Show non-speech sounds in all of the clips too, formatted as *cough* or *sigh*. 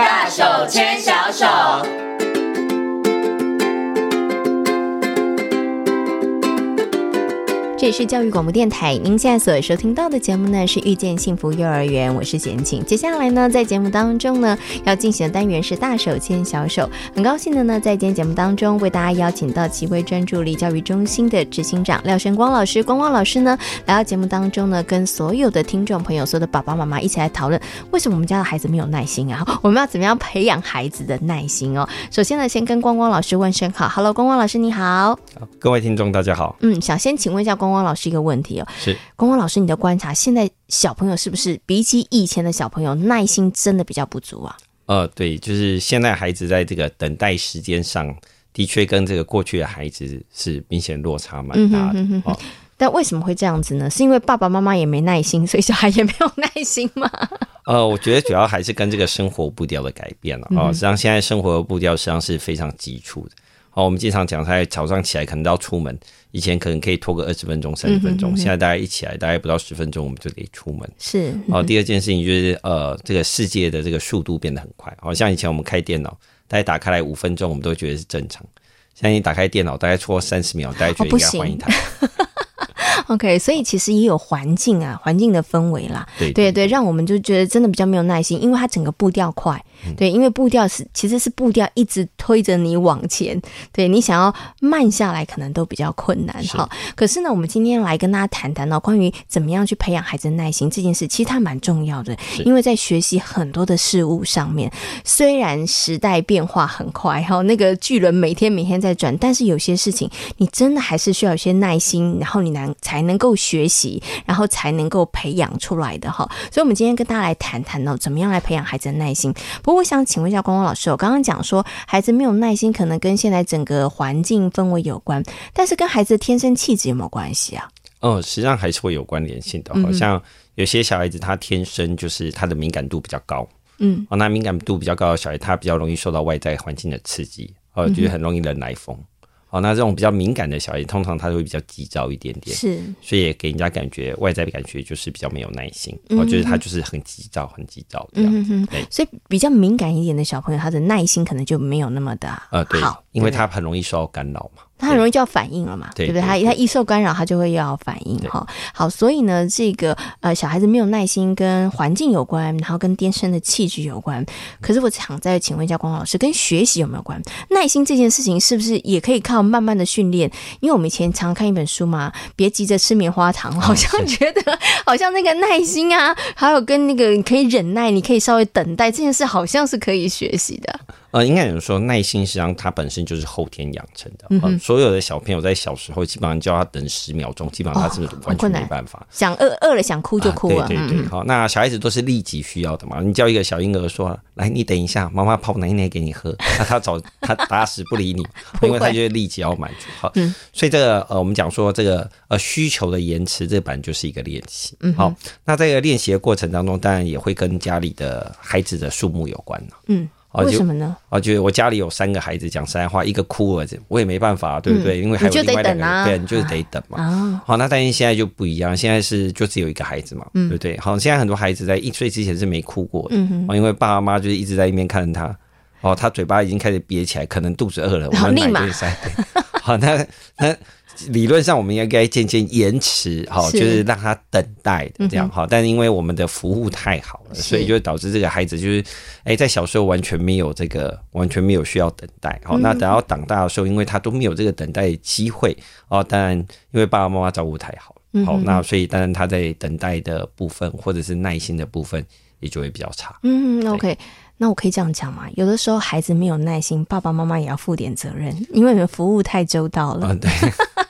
大手牽小手。這裡是教育廣播電臺，您現在所收聽到的節目呢是《遇見幸福幼兒園》，我是賢青。接下來呢，在節目當中呢，要進行的單元是“大手牽小手”。很高興的呢，在今天節目當中為大家邀請到奇威專注力教育中心的執行長廖笙光老師。光光老師呢，來到節目當中呢，跟所有的聽眾朋友、所有的爸爸媽媽一起來討論，為什麼我們家的孩子沒有耐心啊？我們要怎麼樣培養孩子的耐心哦？首先呢，先跟光光老師問聲好，Hello，光光老師你好。好，各位聽眾大家好。嗯，想先請問一下光。光光老師，一個問題哦。是，光光老師，你的觀察，現在小朋友是不是比起以前的小朋友，耐心真的比較不足啊？呃，對，就是現在孩子在這個等待時間上，的確跟這個過去的孩子是明顯落差蠻大的。嗯、哼哼哼哦，但為什麼會這樣子呢？是因為爸爸媽媽也沒耐心，所以小孩也沒有耐心嗎？ *laughs* 呃，我覺得主要還是跟這個生活步調的改變了啊、嗯哦。實際上，現在生活的步調實際上是非常急促的。好、哦，我們經常講，他在早上起來可能都要出門。以前可能可以拖個二十分，分鐘、三十分鐘，現在大家一起來，大概不到十分鐘，我們就可以出門。是、嗯、哦，第二件事情就是，呃，這個世界的這個速度變得很快。好、哦、像以前我們開電腦，大家打開來五分鐘，我們都覺得是正常。現在一打開電腦，大概拖三十秒，大家覺得應該歡迎他。哦 *laughs* OK，所以其實也有環境啊，環境的氛圍啦，對對對，讓我們就覺得真的比較沒有耐心，因為它整個步調快，嗯、對，因為步調是其實是步調一直推着你往前，對，你想要慢下來可能都比較困難哈。是、哦。可是呢，我們今天來跟大家談談哦，關於怎麼樣去培養孩子的耐心這件事，其實它蠻重要的，因為在學習很多的事物上面，是，雖然時代變化很快後、哦、那個巨輪每天每天在轉，但是有些事情你真的還是需要一些耐心，然後你難才。才能夠學習，然後才能夠培養出來的哈。所以，我們今天跟大家來談談呢，怎麼樣來培養孩子的耐心。不過，我想請問一下光光老師，我剛剛講說孩子沒有耐心，可能跟現在整個環境氛圍有關，但是跟孩子的天生氣質有沒有關係啊？哦，實際上還是會有關聯性的。好、嗯、像有些小孩子他天生就是他的敏感度比較高，嗯，哦，那敏感度比較高的小孩，他比較容易受到外在環境的刺激，哦、呃，就是很容易人來瘋。嗯哦，那這種比較敏感的小孩，通常他都會比較急躁一點點，是，所以也給人家感覺，外在感覺就是比較沒有耐心，我覺得他就是很急躁，很急躁的，嗯、對，所以比較敏感一點的小朋友，他的耐心可能就沒有那麼大。呃，對，對，因為他很容易受到干擾嘛。他很容易就要反應了嘛，對不對？對對對對，他他一受干擾，他就會要反應哈。好，所以呢，這個呃，小孩子沒有耐心跟環境有關，然後跟天生的氣質有關。可是我想再請問一下光老師，跟學習有沒有關？耐心這件事情是不是也可以靠慢慢的訓練？因為我們以前常看一本書嘛，別急着吃棉花糖，對好像覺得好像那個耐心啊，還有跟那個可以忍耐，你可以稍微等待這件事，好像是可以學習的。呃，應該有人說耐心，實際上它本身就是後天養成的、嗯哼呃。所有的小朋友在小時候，基本上叫他等十秒鐘，哦、基本上他是，是完全沒辦法。想餓餓了想哭就哭啊、呃。對對對，對，嗯、哼好，那小孩子都是立即需要的嘛。你叫一個小嬰兒說：“來，你等一下，媽媽泡奶奶給你喝。 *laughs* 啊”那他早他打死不理你， *laughs* 會因為他就會立即要滿足。嗯、所以這個呃，我們講說這個呃需求的延遲，這本來就是一個練習。嗯、哼好，那這個練習的過程當中，當然也會跟家裡的孩子的數目有關了嗯。哦、為什麼呢？啊、哦，就我家裡有三個孩子，講實在話，一個哭兒子，我也沒辦法，對不對？嗯、因為還有另外兩個人，就得等嘛。好、啊哦，那但是現在就不一樣，現在是就只有一個孩子嘛，嗯、對不對？好、哦，現在很多孩子在一歲之前是沒哭過的，嗯哼、哦、因為爸爸媽媽就是一直在一邊看着他，哦，他嘴巴已經開始憋起來，可能肚子餓了，我們立馬塞。好，那那。理論上我們應該漸漸延遲，好，就是讓他等待這樣哈。是嗯、但因為我們的服務太好了，是所以就會導致這個孩子就是，哎、欸，在小時候完全沒有這個完全沒有需要等待。好、嗯，那等到長大的時候，因為他都沒有這個等待機會哦。當然，因為爸爸媽媽照顧太好好，嗯、哼那所以當然他在等待的部分或者是耐心的部分也就會比較差。嗯，那 OK，對那我可以這樣講嘛？有的時候孩子沒有耐心，爸爸媽媽也要負點責任，因為你們服務太周到了。嗯，對。 *laughs*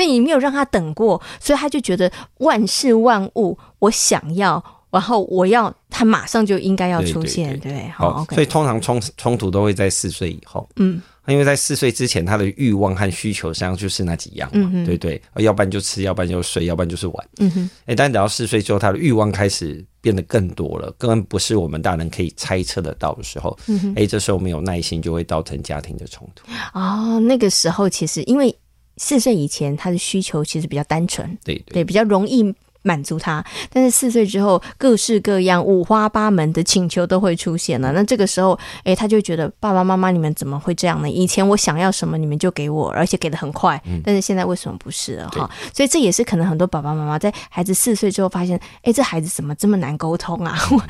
所以你沒有讓他等過，所以他就覺得萬事萬物我想要，然後我要他馬上就應該要出現，對，對，對，好，所以通常衝衝突都會在四歲以後，嗯，因為在四歲之前，他的慾望和需求實際上就是那幾樣嘛，嗯、哼對，對對，要不然就吃，要不然就睡，要不然就是玩，嗯哼、欸，但等到四歲之後，他的慾望開始變得更多了，根本不是我們大人可以猜測得到的時候，嗯哼，哎，這時候沒有耐心就會造成家庭的衝突，嗯，哦，那個時候其實因為。四歲以前，他的需求其實比較單純，對，對，對，對，比較容易，滿足他，但是四歲之後，各式各樣、五花八門的請求都會出現了。那這個時候，哎、欸，他就覺得爸爸媽媽，你們怎麼會這樣呢？以前我想要什麼，你們就給我，而且給得很快。但是現在為什麼不是了？哈，所以這也是可能很多爸爸媽媽在孩子四歲之後發現，哎、欸，這孩子怎麼這麼難溝通啊？嗯、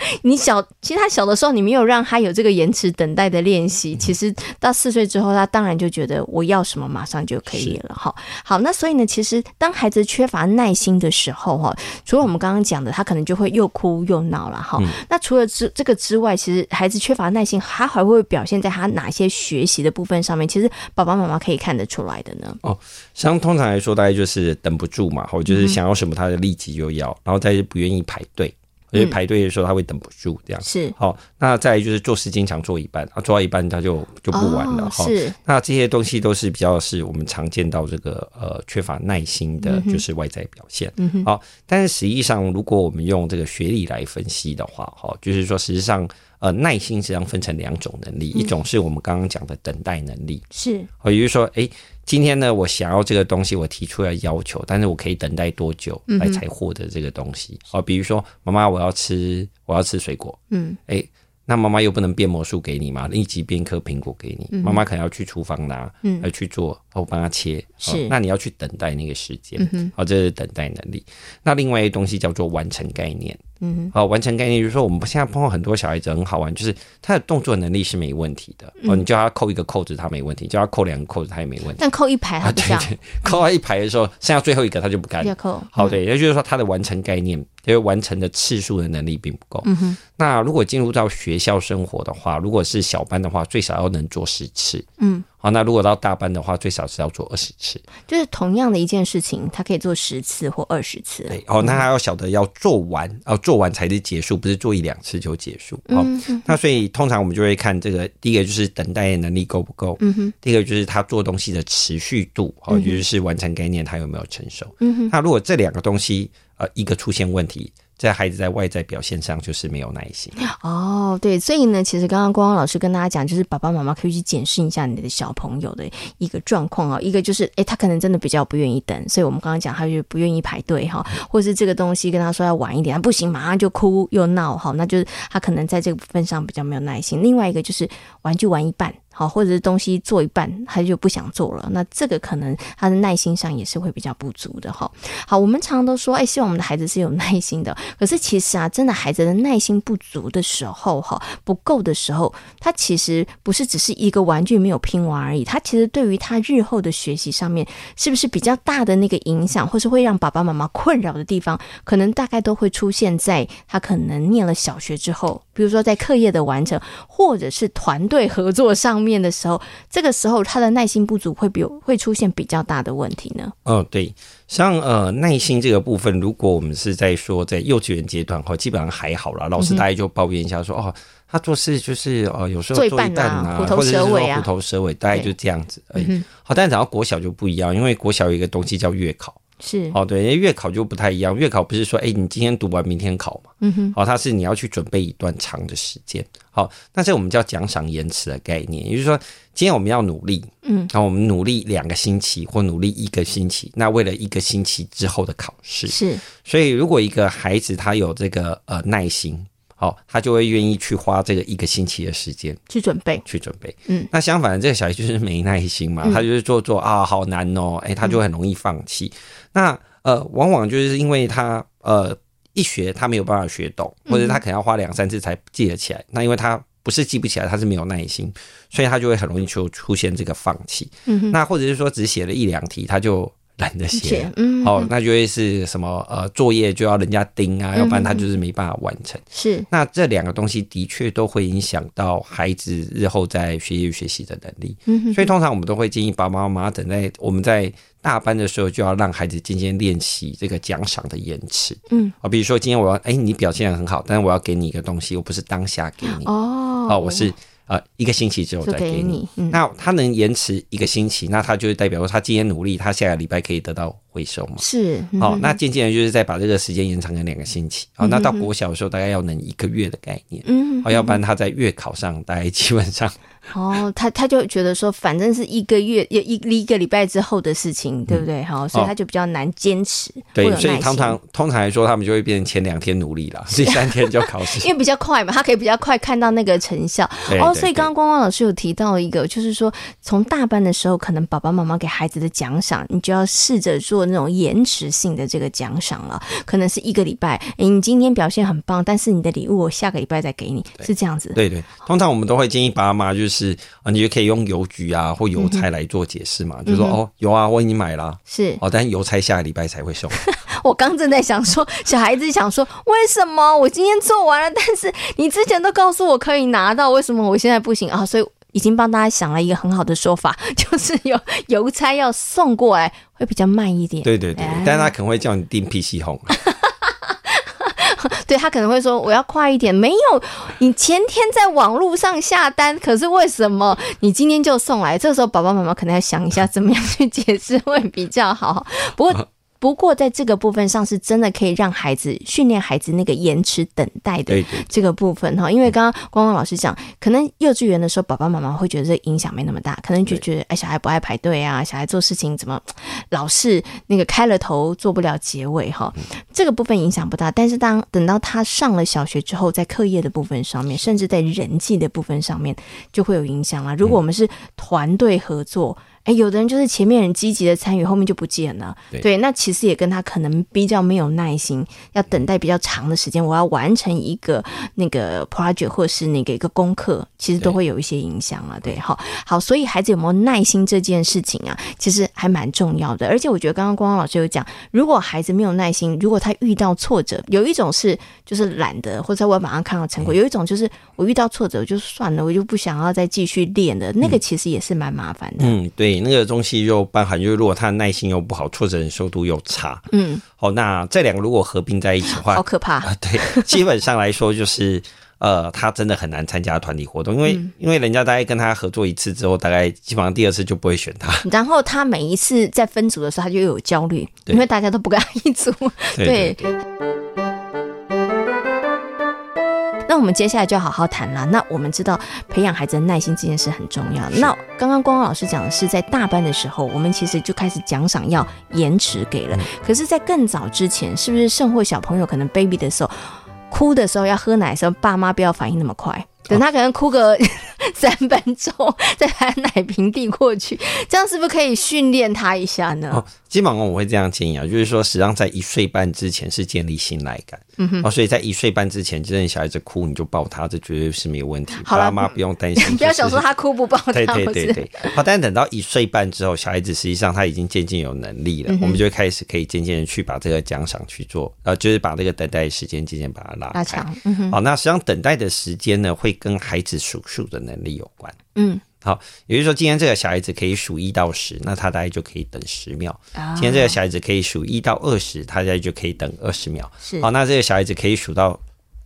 *laughs* 你小，其實他小的時候，你沒有讓他有這個延遲等待的練習，嗯、其實到四歲之後，他當然就覺得我要什麼馬上就可以了。哈是，好，那所以呢，其實當孩子缺乏耐心的時候，時候哈，除了我們剛剛講的，他可能就會又哭又鬧了哈。嗯、那除了這這個之外，其實孩子缺乏耐心，他還會表現在他哪些學習的部分上面？其實爸爸媽媽可以看得出來的呢。哦，像通常來說，大家就是等不住嘛，或就是想要什麼他就立即就要，嗯、然後再是不願意排隊。因為排隊的時候他會等不住，這樣是、嗯、好。那再來就是做事經常做一半，啊做到一半他就就不玩了哈、哦。是、哦，那這些東西都是比較是我們常見到這個呃缺乏耐心的，就是外在表現。嗯哼，嗯哼，好。但是實際上，如果我們用這個學歷來分析的話，哈、哦，就是說實際上呃耐心實際上分成兩種能力，一種是我們剛剛講的等待能力，嗯、是。哦，也就是說，哎、欸。今天呢，我想要這個東西，我提出來要求，但是我可以等待多久來才獲得這個東西？好、嗯哼哦，比如說媽媽，媽媽我要吃，我要吃水果。嗯，哎、欸，那媽媽又不能變魔術給你嘛，立即變顆蘋果給你。媽媽、嗯、哼可能要去廚房拿，嗯，要去做，哦，幫她切。哦、是，那你要去等待那個時間。嗯哼。好、哦，這是等待能力。那另外一個東西叫做完成概念。嗯，好，完成概念就是說，我們現在碰到很多小孩子很好玩，就是他的動作能力是沒問題的。哦、嗯，你叫他扣一個扣子，他沒問題；叫他扣兩個扣子，他也沒問題。但扣一排他，他對，對對，扣完一排的時候，嗯、剩下最後一個他就不幹了。要扣。好，對，也就是說他的完成概念。因為完成的次數的能力並不夠。嗯哼。那如果進入到學校生活的話，如果是小班的話，最少要能做十次。嗯。好，那如果到大班的話，最少是要做二十次。就是同樣的一件事情，他可以做十次或二十次。對。哦、嗯哼，那他要曉得要做完，啊做完才是結束，不是做一兩次就結束。嗯哼。那所以通常我們就會看這個，第一個就是等待的能力夠不夠。嗯哼。第一個就是他做東西的持續度，哦、嗯哼，就是完成概念他有沒有成熟。嗯哼。那如果這兩個東西，一個出現問題，在孩子在外在表現上就是沒有耐心哦。對，所以呢，其實剛剛光光老師跟大家講，就是爸爸媽媽可以去檢視一下你的小朋友的一個狀況哦，一個就是，哎，他可能真的比較不願意等，所以我們剛剛講，他就不願意排隊哈，或是這個東西跟他說要晚一點，不行，馬上就哭又鬧，好，那就是他可能在這個部分上比較沒有耐心。另外一個就是玩就玩一半。好，或者是東西做一半，他就不想做了。那這個可能他的耐心上也是會比較不足的。哈，好，我們常常都說，哎，希望我們的孩子是有耐心的。可是其實啊，真的孩子的耐心不足的時候，哈，不夠的時候，他其實不是只是一個玩具沒有拼完而已。他其實對於他日後的學習上面，是不是比較大的那個影響，或是會讓爸爸媽媽困擾的地方，可能大概都會出現在他可能念了小學之後，比如說在課業的完成，或者是團隊合作上面。面的時候，這個時候他的耐心不足會比會出現比較大的問題呢。哦，對，像呃耐心這個部分，如果我們是在說在幼稚園階段的話，基本上還好啦。老師大概就抱怨一下說：“嗯、哼哦，他做事就是哦、呃，有時候做半、啊啊、虎頭蛇尾啊，虎頭蛇尾，啊、大概就這樣子而已。嗯哼”好，但只要國小就不一樣，因為國小有一個東西叫月考。是哦，對，因為月考就不太一樣。月考不是說，誒，你今天讀完，明天考嘛？嗯哼。好、哦，它是你要去準備一段長的時間。好、哦，那這我們叫獎賞延遲的概念，也就是說，今天我們要努力，嗯、哦，然後我們努力兩個星期或努力一個星期，那為了一個星期之後的考試。是，所以如果一個孩子他有這個呃耐心。哦，他就會願意去花這個一個星期的時間去準備，去準備。嗯，那相反的，這個小孩就是沒耐心嘛，嗯、他就是做做啊，好難哦，哎、欸，他就很容易放棄。嗯、那呃，往往就是因為他呃一學他沒有辦法學懂，或者他可能要花兩三次才記得起來。嗯、那因為他不是記不起來，他是沒有耐心，所以他就會很容易就出現這個放棄。嗯哼，那或者是說只寫了一兩題他就。懶得寫，啊嗯、哦，那就會是什麼呃，作業就要人家盯啊，嗯、哼要不然他就是沒辦法完成。是，那這兩個東西的確都會影響到孩子日後在學習學習的能力。嗯、哼所以通常我們都會建議爸爸媽媽等在我們在大班的時候就要讓孩子漸漸練習這個獎賞的延遲。嗯，啊，比如說今天我要哎、欸、你表現得很好，但是我要給你一個東西，我不是當下給你哦，哦，我是。啊、呃，一個星期之後再給你。給你，那他能延遲一個星期，嗯、那他就是代表說他今天努力，他下個禮拜可以得到回收嘛？是，好、嗯哦，那漸漸的就是再把這個時間延長到兩個星期。好、哦，那到國小的時候，大概要能一個月的概念。嗯哼，好、哦，要不然他在月考上，大概基本上。哦，他他就覺得說，反正是一個月，有一一個禮拜之後的事情，對不對？好、嗯，哦、所以他就比較難堅持。對，所以通常通常來說，他們就會變成前兩天努力了，啊、第三天就要考試。因為比較快嘛，他可以比較快看到那個成效。哦，所以剛剛光光老師有提到一個，就是說從大班的時候，可能爸爸媽媽給孩子的獎賞，你就要試着做那種延遲性的這個獎賞了。可能是一個禮拜，哎，你今天表現很棒，但是你的禮物我下個禮拜再給你，對是這樣子。對對，通常我們都會建議爸媽就是。是啊，你就可以用郵局啊或郵差來做解釋嘛，嗯、哼就說哦，有啊，我已經買了，是哦，但郵差下個禮拜才會送。 *laughs* 我剛正在想說，小孩子想說，為什麼我今天做完了，但是你之前都告訴我可以拿到，為什麼我現在不行啊？所以已經幫大家想了一個很好的說法，就是有郵差要送過來會比較慢一點。對對對，欸、但他可能會叫你訂 PC home。 *laughs* *laughs* 對，他可能會說：“我要快一點。”沒有，你前天在網絡上下單，可是為什麼你今天就送來？這時候，爸爸媽媽可能要想一下，怎麼樣去解釋會比較好。不過。不過，在這個部分上，是真的可以讓孩子訓練孩子那個延遲等待的這個部分哈。對對對，因為剛剛光光老師講，嗯、可能幼稚園的時候，爸爸媽媽會覺得這影響沒那麼大，可能就覺得對哎，小孩不愛排隊啊，小孩做事情怎麼老是那個開了頭做不了結尾哈。嗯、這個部分影響不大，但是當等到他上了小學之後，在課業的部分上面，甚至在人際的部分上面，就會有影響啦，如果我們是團隊合作。嗯哎、欸，有的人就是前面很積極的參與，後面就不見了。對，那其實也跟他可能比較沒有耐心，要等待比較長的時間。我要完成一個那個 project 或是那個一個功課，其實都會有一些影響了。對，好，好，所以孩子有沒有耐心這件事情啊，其實還蠻重要的。而且我覺得剛剛光光老師有講，如果孩子沒有耐心，如果他遇到挫折，有一種是就是懶得，或者我馬上看到成果；有一種就是我遇到挫折，我就算了，我就不想要再繼續練了。那個其實也是蠻麻煩的嗯。嗯，對。你那個東西又包含，因為如果他耐心又不好，挫折忍受度又差，嗯，好，oh, 那這兩個如果合併在一起的話，好可怕、呃。對，基本上來說就是， *laughs* 呃，他真的很難參加團體活動，因為、嗯、因為人家大概跟他合作一次之後，大概基本上第二次就不會選他。然後他每一次在分組的時候，他就有焦慮，對因為大家都不跟他一組，對。對對對那我們接下來就要好好談了。那我們知道培養孩子的耐心這件事很重要。是那剛剛光光老師講的是在大班的時候，我們其實就開始獎賞要延遲給了。嗯、可是，在更早之前，是不是甚或小朋友可能 baby 的時候，哭的時候要喝奶的時候，爸媽不要反應那麼快，等他可能哭個、哦、 *laughs* 三分鐘，再把奶瓶遞過去，這樣是不是可以訓練他一下呢？哦、基本上我會這樣建議啊，就是說實際上在一歲半之前是建立信賴感。嗯哼，哦、所以在一歲半之前，真的小孩子哭，你就抱他，這絕對是沒有問題。好了啦，媽不用擔心。不要、嗯、想說他哭不抱他。對對對，對 *laughs* 好，但是等到一歲半之後，小孩子實際上他已經漸漸有能力了，嗯、哼我們就會開始可以漸漸的去把這個獎賞去做，然、呃、後就是把這個等待的時間漸漸把它拉開拉長。好、嗯哦，那實際上等待的時間呢，會跟孩子數數的能力有關。嗯。好，也就是說，今天這個小孩子可以數一到十，那他大概就可以等十秒。今天這個小孩子可以數一到二十，他大概就可以等二十秒。好是、哦，那這個小孩子可以數到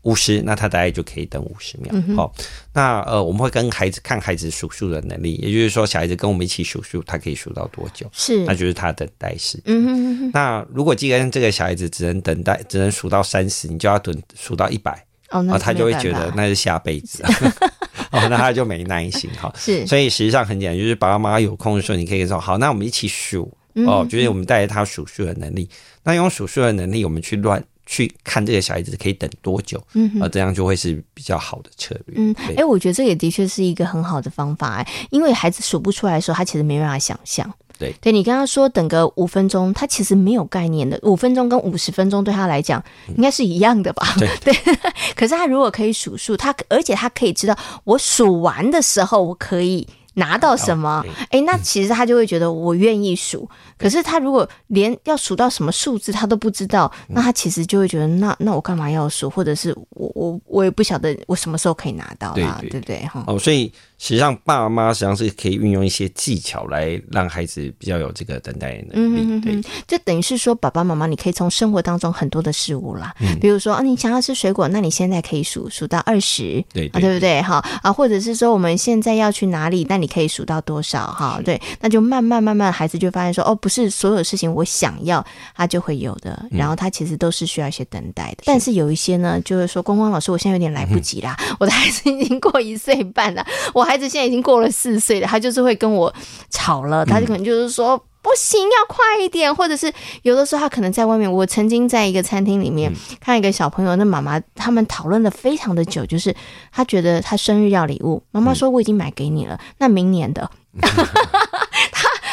五十，那他大概就可以等五十秒。好、嗯哼哦，那呃，我們會跟孩子看孩子數數的能力，也就是說，小孩子跟我們一起數數，他可以數到多久？是，那就是他等待時。嗯哼哼哼，那如果今天這個小孩子只能等待，只能數到三十，你就要等數到一百、哦，然後、哦、他就會覺得那是下輩子。是 *laughs* *laughs* 哦，那他就沒耐心哈。 *laughs* 是，所以實際上很簡單，就是爸爸媽媽有空的時候，你可以說好，那我們一起數哦，就是我們帶着他數數的能力。嗯、那用數數的能力，我們去亂去看這個小孩子可以等多久，嗯，啊，這樣就會是比較好的策略。嗯，哎對、欸，我覺得這也的確是一個很好的方法、欸，哎，因為孩子數不出來的時候，他其實沒辦法想象。對，你剛剛說等個五分鐘，他其實沒有概念的。五分鐘跟五十分鐘對他來講、嗯、應該是一樣的吧？對，對。 *laughs* 可是他如果可以數數，他而且他可以知道我數完的時候，我可以拿到什麼，哎 Okay,、欸，那其實他就會覺得我願意數。嗯、可是他如果連要數到什麼數字他都不知道，嗯、那他其實就會覺得那那我幹嘛要數？或者是我我我也不曉得我什麼時候可以拿到，對不對，對？哈。嗯、哦，所以。實際上，爸爸媽媽實際上是可以運用一些技巧來讓孩子比較有這個等待的能力。嗯嗯嗯，對、嗯嗯，就等於是說，爸爸媽媽，你可以從生活當中很多的事物啦，嗯，比如說啊，你想要吃水果，那你現在可以數數到二十，對啊，對不對？哈啊，或者是說，我們現在要去哪裡，那你可以數到多少？哈，是對，那就慢慢慢慢，孩子就發現說，哦，不是所有事情我想要，他就會有的，然後他其實都是需要一些等待的。嗯、但是有一些呢，就是說，光光老師，我現在有點來不及啦，是我的孩子已經過一歲半了，我。孩子現在已經過了四歲了，他就是會跟我吵了，他就可能就是說、嗯、不行，要快一點，或者是有的時候他可能在外面。我曾經在一個餐廳裡面、嗯、看一個小朋友，那媽媽他們討論得非常的久，就是他覺得他生日要禮物，媽媽說我已經買給你了，嗯、那明年的，他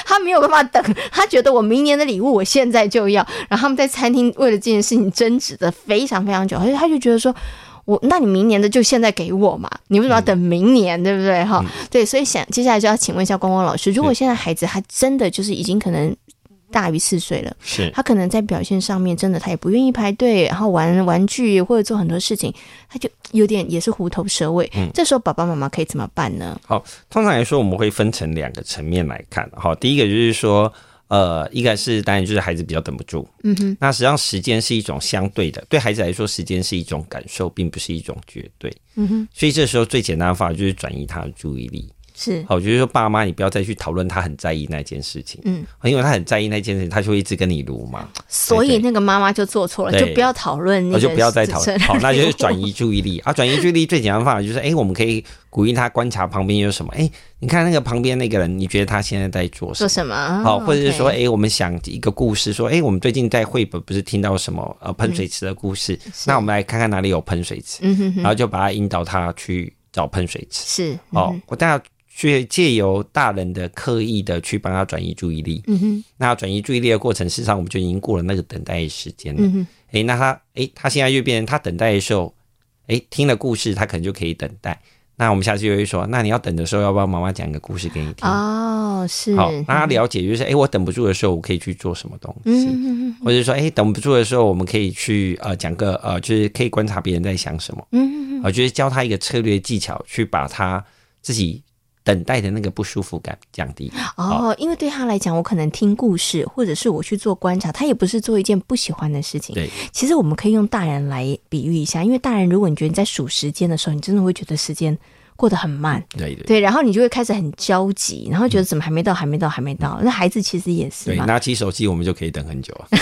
他 *laughs* *laughs* 沒有辦法等，他覺得我明年的禮物我現在就要。然後他們在餐廳為了這件事情爭執得非常非常久，而且他就覺得說。我，那你明年的就現在給我嘛？你為什麼要等明年？嗯、對不對？哈、嗯，對，所以想接下來就要請問一下光光老師，如果現在孩子他真的就是已經可能大於四歲了，是，他可能在表現上面真的他也不願意排隊，是然後玩玩具或者做很多事情，他就有點也是虎頭蛇尾。嗯、這時候爸爸媽媽可以怎麼辦呢？好，通常來說我們會分成兩個層面來看。好、哦，第一個就是說。呃，一個是當然就是孩子比較等不住，嗯哼。那實際上時間是一種相對的，對孩子來說，時間是一種感受，並不是一種絕對。嗯哼。所以這時候最簡單的方法就是轉移他的注意力。是，好，就是說，爸媽，你不要再去討論他很在意那件事情，嗯，因為他很在意那件事情，他就一直跟你盧嘛，所以那個媽媽就做錯了，就不要討論，就不要再討論，好，那就是轉移注意力啊，轉移注意力最簡單方法就是，誒，我們可以鼓勵他觀察旁邊有什麼，誒，你看那個旁邊那個人，你覺得他現在在做什麼？好，或者是說，誒，我們想一個故事，說，誒，我們最近在繪本不是聽到什麼呃噴水池的故事，那我們來看看哪裡有噴水池，然後就把他引導他去找噴水池，是，哦，我帶去借由大人的刻意的去幫他轉移注意力，嗯、哼那轉移注意力的過程，事實上我們就已經過了那個等待時間了。哎、嗯哼欸，那他，誒、欸，他現在就變成他等待的時候，誒、欸，聽了故事，他可能就可以等待。那我們下次就會說，那你要等的時候，要不要媽媽講個故事給你聽？哦，是。好，讓他了解，就是誒、欸，我等不住的時候，我可以去做什麼東西。嗯嗯哼嗯。或者說，誒、欸，等不住的時候，我們可以去呃講個呃，就是可以觀察別人在想什麼。嗯嗯哼嗯。我、呃、就是教他一個策略技巧，去把他自己。等待的那個不舒服感降低哦，哦因為對他來講，我可能聽故事，或者是我去做觀察，他也不是做一件不喜歡的事情。對，其實我們可以用大人來比喻一下，因為大人，如果你覺得你在數時間的時候，你真的會覺得時間過得很慢，對對，對，對，然後你就會開始很焦急，然後覺得怎麼還沒到，嗯、還沒到，還沒到。嗯、那孩子其實也是嘛，對，拿起手機我們就可以等很久啊。 *laughs*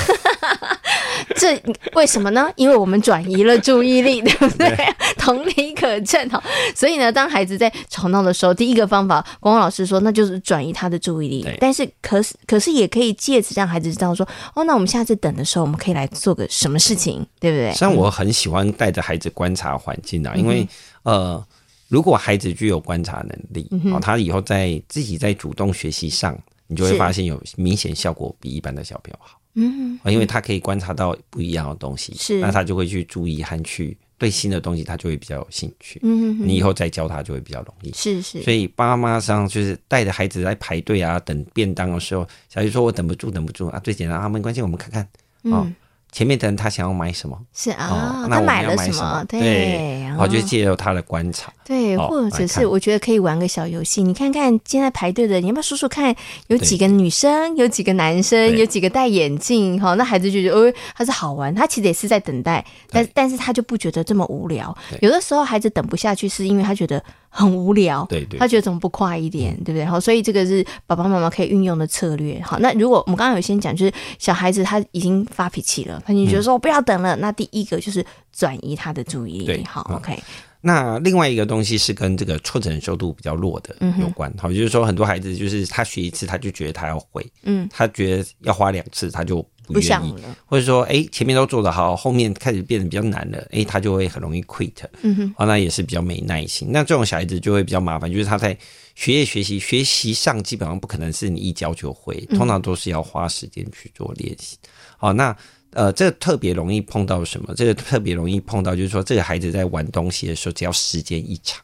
*laughs* 這為什麼呢？因為我們轉移了注意力，對不對？對 *laughs* 同理可證哦。所以呢，當孩子在吵鬧的時候，第一個方法，光光老師說，那就是轉移他的注意力。對但是，可是，可是也可以借此讓孩子知道說，哦，那我們下次等的時候，我們可以來做個什麼事情，對不對？像我很喜歡帶着孩子觀察環境啊，嗯、哼因為呃，如果孩子具有觀察能力，嗯、哼哦，他以後在自己在主動學習上，你就會發現有明顯效果，比一般的小朋友好。嗯，因為他可以觀察到不一樣的東西，是，那他就會去注意和去對新的東西，他就會比較有興趣。嗯哼哼，你以後再教他就會比較容易。是是，所以爸媽上就是帶着孩子來排隊啊，等便當的時候，小魚說我等不住，等不住啊，最簡單啊，沒關係，我們看看。哦、嗯。前面的人他想要買什麼？是啊，他買了什麼？對，然後就藉由他的觀察。對，或者是我覺得可以玩個小遊戲，你看看現在排隊的，你要不要數數看，有幾個女生，有幾個男生，有幾個戴眼鏡？哦，那孩子就覺得哦，他是好玩，他其實也是在等待，但但是他就不覺得這麼無聊。有的時候孩子等不下去，是因為他覺得。很無聊，對對，他覺得怎麼不快一點，對不對？好，所以這個是爸爸媽媽可以運用的策略。好，那如果我們剛剛有先講，就是小孩子他已經發脾氣了，他你覺得說“我不要等了”，嗯。那第一個就是轉移他的注意力。對，好，OK。嗯那另外一個東西是跟這個挫折忍受度比較弱的有關，嗯、哼好，就是說很多孩子就是他學一次他就覺得他要會，嗯，他覺得要花兩次他就不願意，不像了或者說哎、欸、前面都做得好，後面開始變得比較難了，哎、欸，他就會很容易 quit，嗯哼，好，那也是比較沒耐心。那這種小孩子就會比較麻煩，就是他在學業學習學習上基本上不可能是你一教就會，通常都是要花時間去做練習。嗯、好，那。呃，這個、特別容易碰到什麼？這個特別容易碰到，就是說，這個孩子在玩東西的時候，只要時間一長，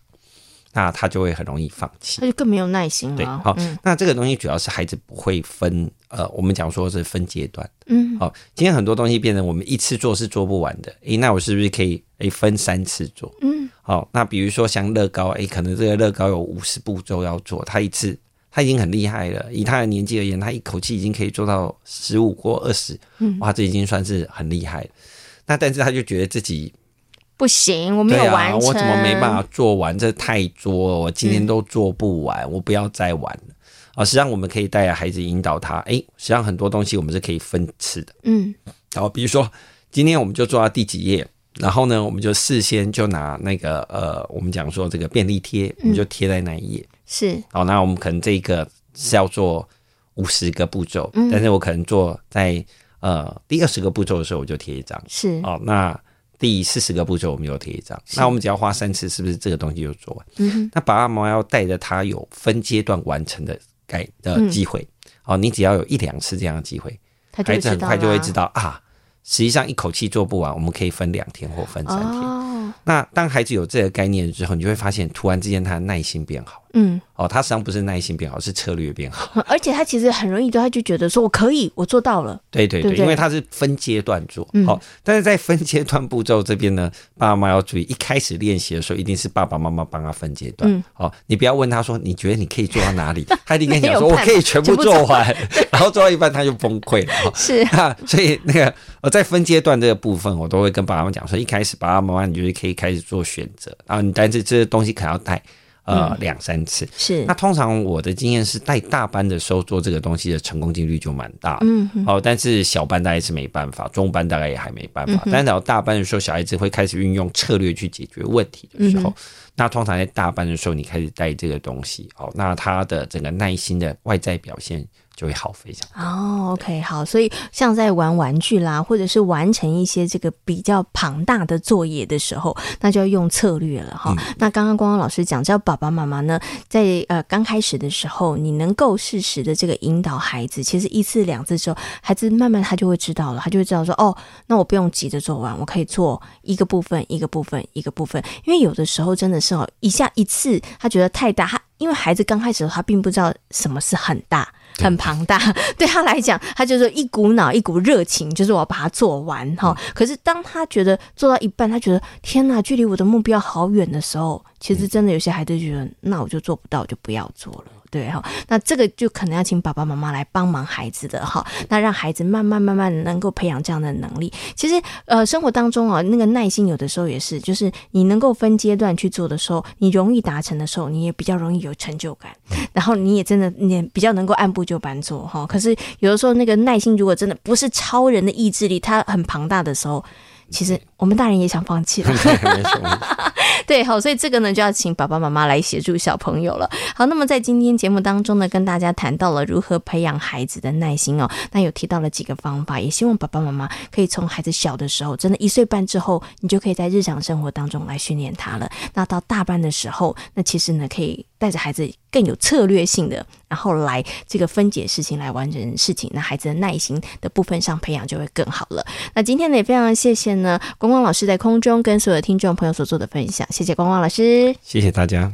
那他就會很容易放棄，他就更沒有耐心了。對，好、嗯哦，那這個東西主要是孩子不會分，呃，我們講說是分階段，哦、嗯，好，今天很多東西變成我們一次做是做不完的，誒，那我是不是可以誒分三次做？嗯，好、哦，那比如說像樂高，誒，可能這個樂高有五十步驟要做，他一次。他已經很厲害了，以他的年紀而言，他一口氣已經可以做到十五或二十，嗯，哇，這已經算是很厲害了。那但是他就覺得自己不行，我沒有完成、啊，我怎麼沒辦法做完？這太多了，我今天都做不完，嗯，我不要再玩了。啊，實際上我們可以帶著孩子引導他，誒、欸，實際上很多東西我們是可以分次的，嗯，然後比如說今天我們就做到第幾頁，然後呢，我們就事先就拿那個呃，我們講說這個便利貼，我們就貼在那一頁。嗯是，好、哦，那我們可能這一個是要做五十個步驟，嗯、但是我可能做在呃第二十個步驟的時候，我就貼一張，是，好、哦，那第四十個步驟我們又貼一張，是那我們只要花三次，是不是這個東西就做完？嗯，那爸爸媽媽要帶着他有分階段完成的改的機會，嗯、哦，你只要有一兩次這樣的機會，啊、孩子很快就會知道啊，實際上一口氣做不完，我們可以分兩天或分三天。哦那當孩子有這個概念之後，你就會發現突然之間他的耐心變好。嗯，哦，他實際上不是耐心變好，是策略變好。而且他其實很容易，他就覺得說我可以，我做到了。對對對，對對對，因為他是分階段做。好、嗯，哦，但是在分階段步驟這邊呢，爸爸媽媽要注意，一開始練習的時候一定是爸爸媽媽幫他分階段。好、嗯，哦，你不要問他說你覺得你可以做到哪裡？ *laughs* 他一定跟你講說我可以全部做完，做完對 然後做到一半他就崩潰了。 *laughs* 是，哦、所以那個我在分階段這個部分，我都會跟爸爸媽媽講說，一開始爸爸媽媽你就是。可以開始做選擇啊，你但是這個東西可能要帶呃兩、嗯、三次，是，那通常我的經驗是帶大班的時候做這個東西的成功幾率就蠻大，嗯哼，好、哦，但是小班大概是沒辦法，中班大概也還沒辦法，但是到大班的時候，小孩子會開始運用策略去解決問題的時候，嗯、哼那通常在大班的時候你開始帶這個東西，好、哦，那他的整個耐心的外在表現。就會好非常哦。Oh, OK，對好，所以像在玩玩具啦，或者是完成一些這個比較龐大的作業的時候，那就要用策略了哈。嗯、那剛剛光光老師講，只要爸爸媽媽呢，在呃剛開始的時候，你能夠適時的這個引導孩子，其實一次兩次之後，孩子慢慢他就會知道了，他就會知道說，哦，那我不用急着做完，我可以做一個部分，一個部分，一個部分。因為有的時候真的是哦，一下一次他覺得太大，他因為孩子剛開始的時候他並不知道什麼是很大。很龐大，對他來講，他就是一股腦一股熱情，就是我要把它做完哈。可是當他覺得做到一半，他覺得天哪，距離我的目標好遠的時候，其實真的有些孩子覺得，那我就做不到，我就不要做了。對哈，那這個就可能要請爸爸媽媽來幫忙孩子的哈，那讓孩子慢慢慢慢能夠培養這樣的能力。其實，呃，生活當中啊，那個耐心有的時候也是，就是你能夠分階段去做的時候，你容易達成的時候，你也比較容易有成就感，然後你也真的你也比較能夠按部就班做哈。可是有的時候那個耐心，如果真的不是超人的意志力，它很龐大的時候。其實我們大人也想放棄了 *laughs* *laughs* 對，好，所以這個呢，就要請爸爸媽媽來協助小朋友了。好，那麼在今天節目當中呢，跟大家談到了如何培養孩子的耐心哦。那有提到了幾個方法，也希望爸爸媽媽可以從孩子小的時候，真的，一歲半之後，你就可以在日常生活當中來訓練他了。那到大班的時候，那其實呢，可以。帶着孩子更有策略性的，然後來這個分解事情，來完成事情，那孩子的耐心的部分上培養就會更好了。那今天呢，也非常謝謝呢，光光老師在空中跟所有的聽眾朋友所做的分享，謝謝光光老師，謝謝大家。